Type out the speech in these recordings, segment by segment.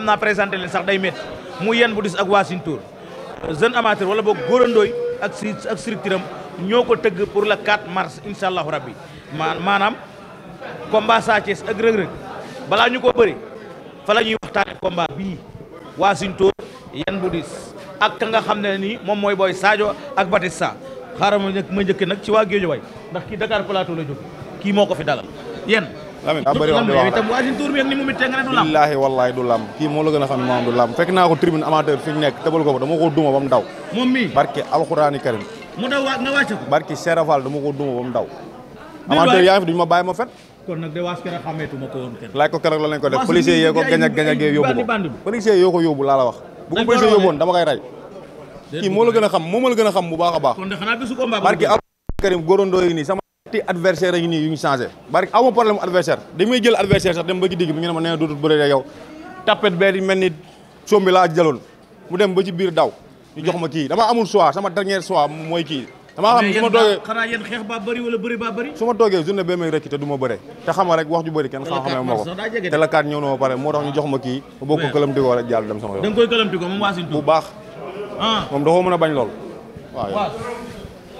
xam naa présenté leen sax day métti mu yen bu dis ak waa Sine Tour jeune amateur wala boog góorandooy ak si ak structure am ñoo ko tëgg pour le quatre mars incha allahu rabbi maanaam combat Sa Thiès ak Reug Reug balaa ñu ko bëri fa la ñuy waxtaane combat bii waa Sine Tour yen ak ka nga xam ne nii moom mooy booy Sadio ak Batista xaaral ma njëkk ma njëkk nag ci waa Géejawaay ndax kii Dakar Plateau la jóg kii moo ko fi dalal Lamine daa bëri wax di wax rek billaahi wallaahi du lamb kii moo la gën a xam ne moom du lamb fekk naa ko tribune amateur fi ñu nekk tëbal ko fa dama ko duma ba mu daw moom mi barke alxuraani karim mu daw nga wàcc ko barke Serafal dama ko duma ba mu daw amateur yaa ngi fi duñu ma bàyyi ma fet kon ko keroog la lañ ko def policier yee ko gañ ak gañ ak ko policier yoo ko yóbbu laa la wax bu ko policier dama koy rey kii moo la gën a xam moo ma la gën a xam bu baax a baax barke alxuraani karim góorondoo yi nii ñetti adversaire yi nii yu ñu changé bari amoo problème adversaire damay jël adversaire sax dem ba ci digg bi ngeen ma nee dootul bëre yow tapet bee mel ni soom bi laa jëloon mu dem ba ci biir daw ñu jox ma kii dama amul choix sama dernier choix mooy kii damaa xam su ma toogee xanaa yéen xeex baa wala bëri baa bëri su ma toogee journée bee may rëkk te du ma bëre te xama rek wax ju bëri kenn xam xamee ma ko te la kaat ñëw na ma pare moo tax ñu jox ma kii ba ko këlamtikoo rek jàll dem da nga koy ah. a bañ lool waaw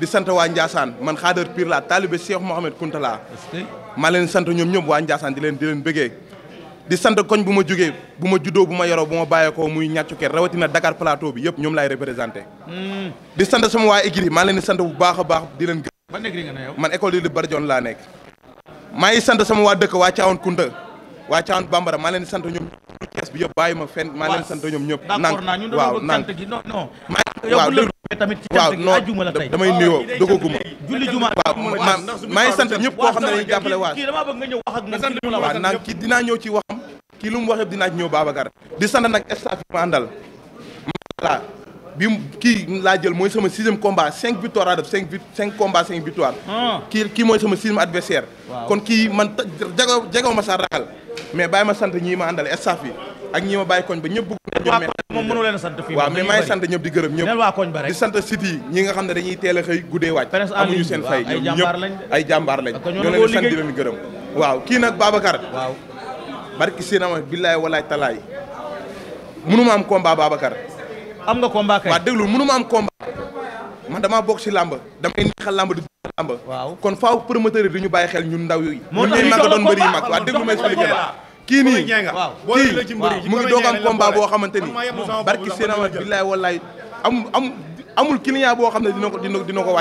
di sant waa Ndiassane man xaadar pire la taalibe Cheikh Mouhamed Kounta laa maa leen sant ñoom ñëpp waa Ndiassane di leen di leen bëggee di sant koñ bu ma jógee bu ma juddoo bu ma yoroo bu ma bàyyeekoo muy ñàccu ker rawatina Dakar plateau bi yëpp ñoom laay représenté hmm. di sant sama waa écurie maa leen di bu baax a baax di leen gërëm man école di Barjon laa nekk maa ngi sant sama waa dëkk waa Thiawane Kounta waa Thiawane Bambara maa leen di sant ñoom kees bi yëpp ma fenn sant ñoom ñëpp. d'accord naa ñun dañoo bëgg cant gi non waaw waaw damay nuyoo dogaguma. waaw ma maa ngi sant ñëpp koo xam ne dañuy jàppale waas. waaw naan kii dinaa ñëw ci waxam kii lu mu wax yëpp dinaa ci ñëw Babacar di sant nag staff yi ma àndal voilà bi kii laa jël mooy sama sixième combat cinq victoire laa def cinq vi cinq combat cinq victoire. Ah. kii kii mooy sama sixième adversaire. kon kii man jago jago ma sa ragal mais bàyyi ma sant ñii ma àndal staff yi. ak ñi ma bàyyi koñ ba ñëpp bëgg moom mënu leen sant fii waaw mais maay sant ñëpp di gërëm ñëpp di sant site yi nga xam ne dañuy teel a xëy guddee wàcc amuñu seen fay ñoom ñëpp ay jàmbaar lañ ñoo leen sant di leen gërëm waaw kii nag Babacar waaw barki sinama billaay walaay talaay mënuma am combat Babacar am nga combat kay waaw déglu mënuma am combat man damaa bokk si làmb damay neexal làmb di làmb kon faaw promoteur yi duñu bàyyi xel ñun ndaw yi ñun ñuy mag doon bëri yi mag waaw déglu may expliqué la kii nii kii mu ngi doog am combat boo xamante ni barki Sénégal billaay wallaay am am amul client boo xam ne dina ko dina ko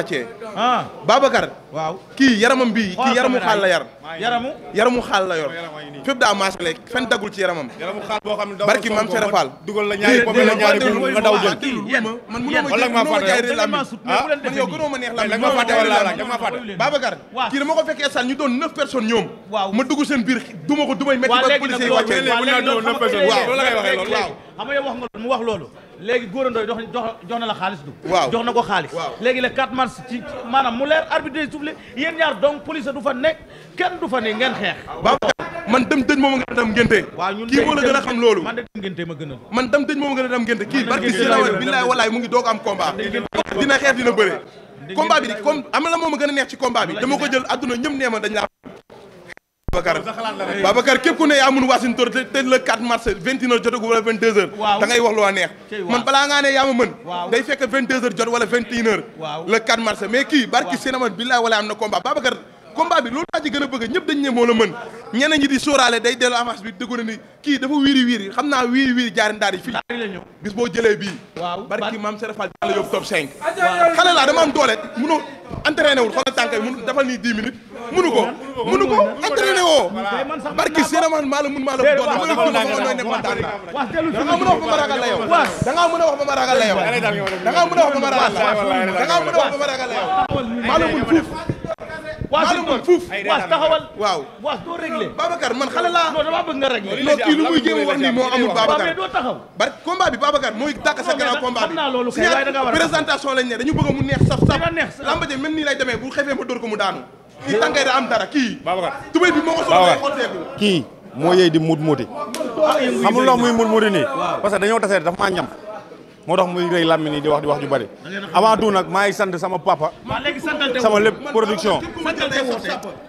kii yaramam bii. kii yaramu xaal la yar. yaramu yaramu xaal la yor. fépp daa maas lekk daggul ci yaramam. barki maam Serap Fall. dugal la ñaari pomme ko fekkee sànni ñu doon neuf personnes ñoom. ma dugg seen biir duma ko dumay metti ba policier yi wàccee. waaw léegi nag loolu waaw léegi nag loolu waaw léegi a Ndoye dox jox na la xaalis du waaw jox na ko xaalis léegi le 4 mars ci maanaam mu leer arbitre soufflé yéen ñaar donc police du fa nekk kenn du fa ne ngeen xeex man dem dëj moom a dem ngénte kii moo la gën a xam loolu kii barki si nawet billaay walaay mu ngi doog am combat dina xeex dina bëre combat bi di comme am la moom a gën a neex ci combat bi dama ko jël adduna ñëpp nee ma dañ laa Babacar képp ku ne yaa mun Wassine te le 4 mars 21 wax lu la neex. man balaa ngaa ne yaa ma day fekk 22h jot wala wala am na combat Babacar. combat bi loolu laa ci gën a bëgg ñëpp dañ mën ñeneen ñi di day dellu avance bi dëggu kii dafa wiiri wiiri xam naa wiiri wiiri jaari ndaar yi boo jëlee bii waaw barki maam serafal bi la yóbbu top 5 xale laa dama am doole mënoo entraîné wul xoolal tànk bi mun defal nii 10 woo barki séraman maa la mun maa la doole ma la dund a wax ba da a a a mun fuuf maa lu mën fuuf waas taxawal waaw waas doo réglé Babacar man xale laa non dama bëgg nga réglé non kii lu muy jéem a wax nii moo amul Babacar mais bari combat bi Babacar mooy dàq sa grand combat ma dara kii Babacar bi moo ko soxla kii moo yey di mut muti xamul loo muy mut muti nii parce que dañoo tasee dafa maa ñam moo tax muy rëy làmmiñ yi di wax di wax ju bari avant tout nag maa ngi sant sama papa sama lépp production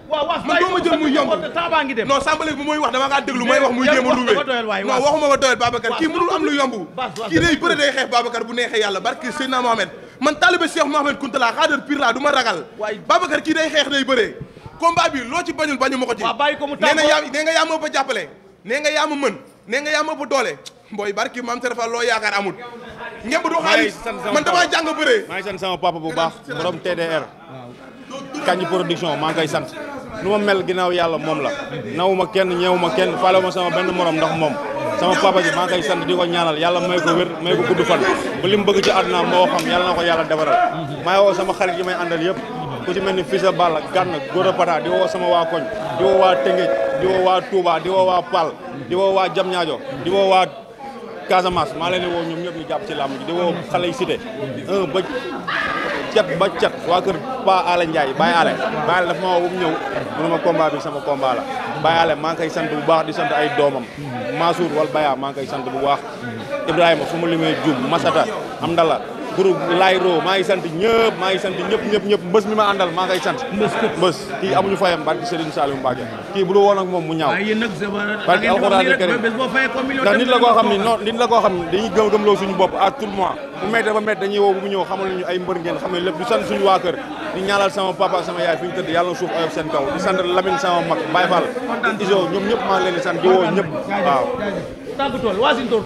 waaw waaw man doo ma jël muy yomb non sàmbale bi mooy wax dama ngaa déglu may wax muy jéem a luubee non waxuma ba doyal Babacar kii mënul am lu yomb kii day bëre day xeex Babacar bu neexee yàlla barke Seydina Mohamed man taalibe Cheikh Mohamed Kounta laa xaadar pire du ma ragal Babacar kii day xeex day bëree combat bi loo ci bañul bañu ma ko ci nee na yaa nee nga yaa ma ba jàppale nee nga yaa ma mën nee nga yaa ma ba doole mbooy barki maam Serfa ngemb du xaalis man damaa jàng bëree. maa ngi sant sama papa bu baax borom TDR. kañ production maa ngi kay sant. nu ma mel ginnaaw yàlla moom la. nawuma kenn ñeewuma kenn faalewuma sama benn morom ndax moom. sama papa ji maa ngi koy sant di ko ñaanal yàlla may ko wér may ko gudd fan. ba li mu bëgg ci àdduna moo xam yàlla na ko yàlla defaral. maa woo sama xarit yi may àndal yëpp. ku ci mel ni Fisa Balla Gànn Gora Pata di woo sama waa koñ. di woo waa Tëngéej di woo waa Touba di woo waa di woo waa Jamñaajo di Casamance maa leen di woo ñoom ñëpp ñu jàpp ci làmb ji di woo xale yi cité un ba cat waa kër Pa Ala Ndiaye Baye Ale Baye Ale dafa ma woo ñëw mu ne ma combat bi sama combat la Ale maa ngi koy sant bu baax di sant ay doomam Mansour wal Baya maa ngi koy sant bu baax Ibrahima su ma limee Dioum Masata Amdala groupe Layro maa ngi sant ñëpp maa ngi sant ñëpp mbës mi ma àndal maa ngay sant mbës kii amuñu fayam barki Serigne Saliou Mbacke kii bu dul woon ak moom mu ñaaw barki alxuraan karim ndax nit la koo xam ne non nit la koo xam ne dañuy gëm gëmloo suñu bopp à tout moment bu méttee ba méttee dañuy woo bu ñëw xamal nañu ay mbër ngeen xam ne lépp di sant suñu waa kër di ñaanal sama papa sama yaay fi ñu tëdd yàlla na suuf oyof seen kaw di tàggatool waasintóor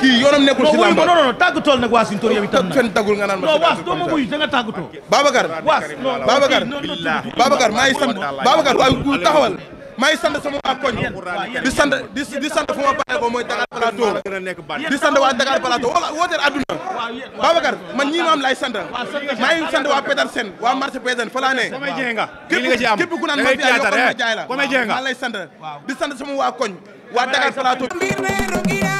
kii yoonam nekkul ci làmb non non non tàggatool nag waasintóor yow itam nag fenn tagul nga naan da nga tàggatoo Babacar waas non Babacar Babacar maa waa koñ di sant di di sant fu ma bàyyi ko di sant waa Dakar Plateau wala wooteel adduna Babacar man ñii laay sant maa ngi waa Petersen waa marché Petersen fa ne képp ku naan eh. ma fi ay yoo ne jaay la di sant sama waa koñ waa Dakar Plateau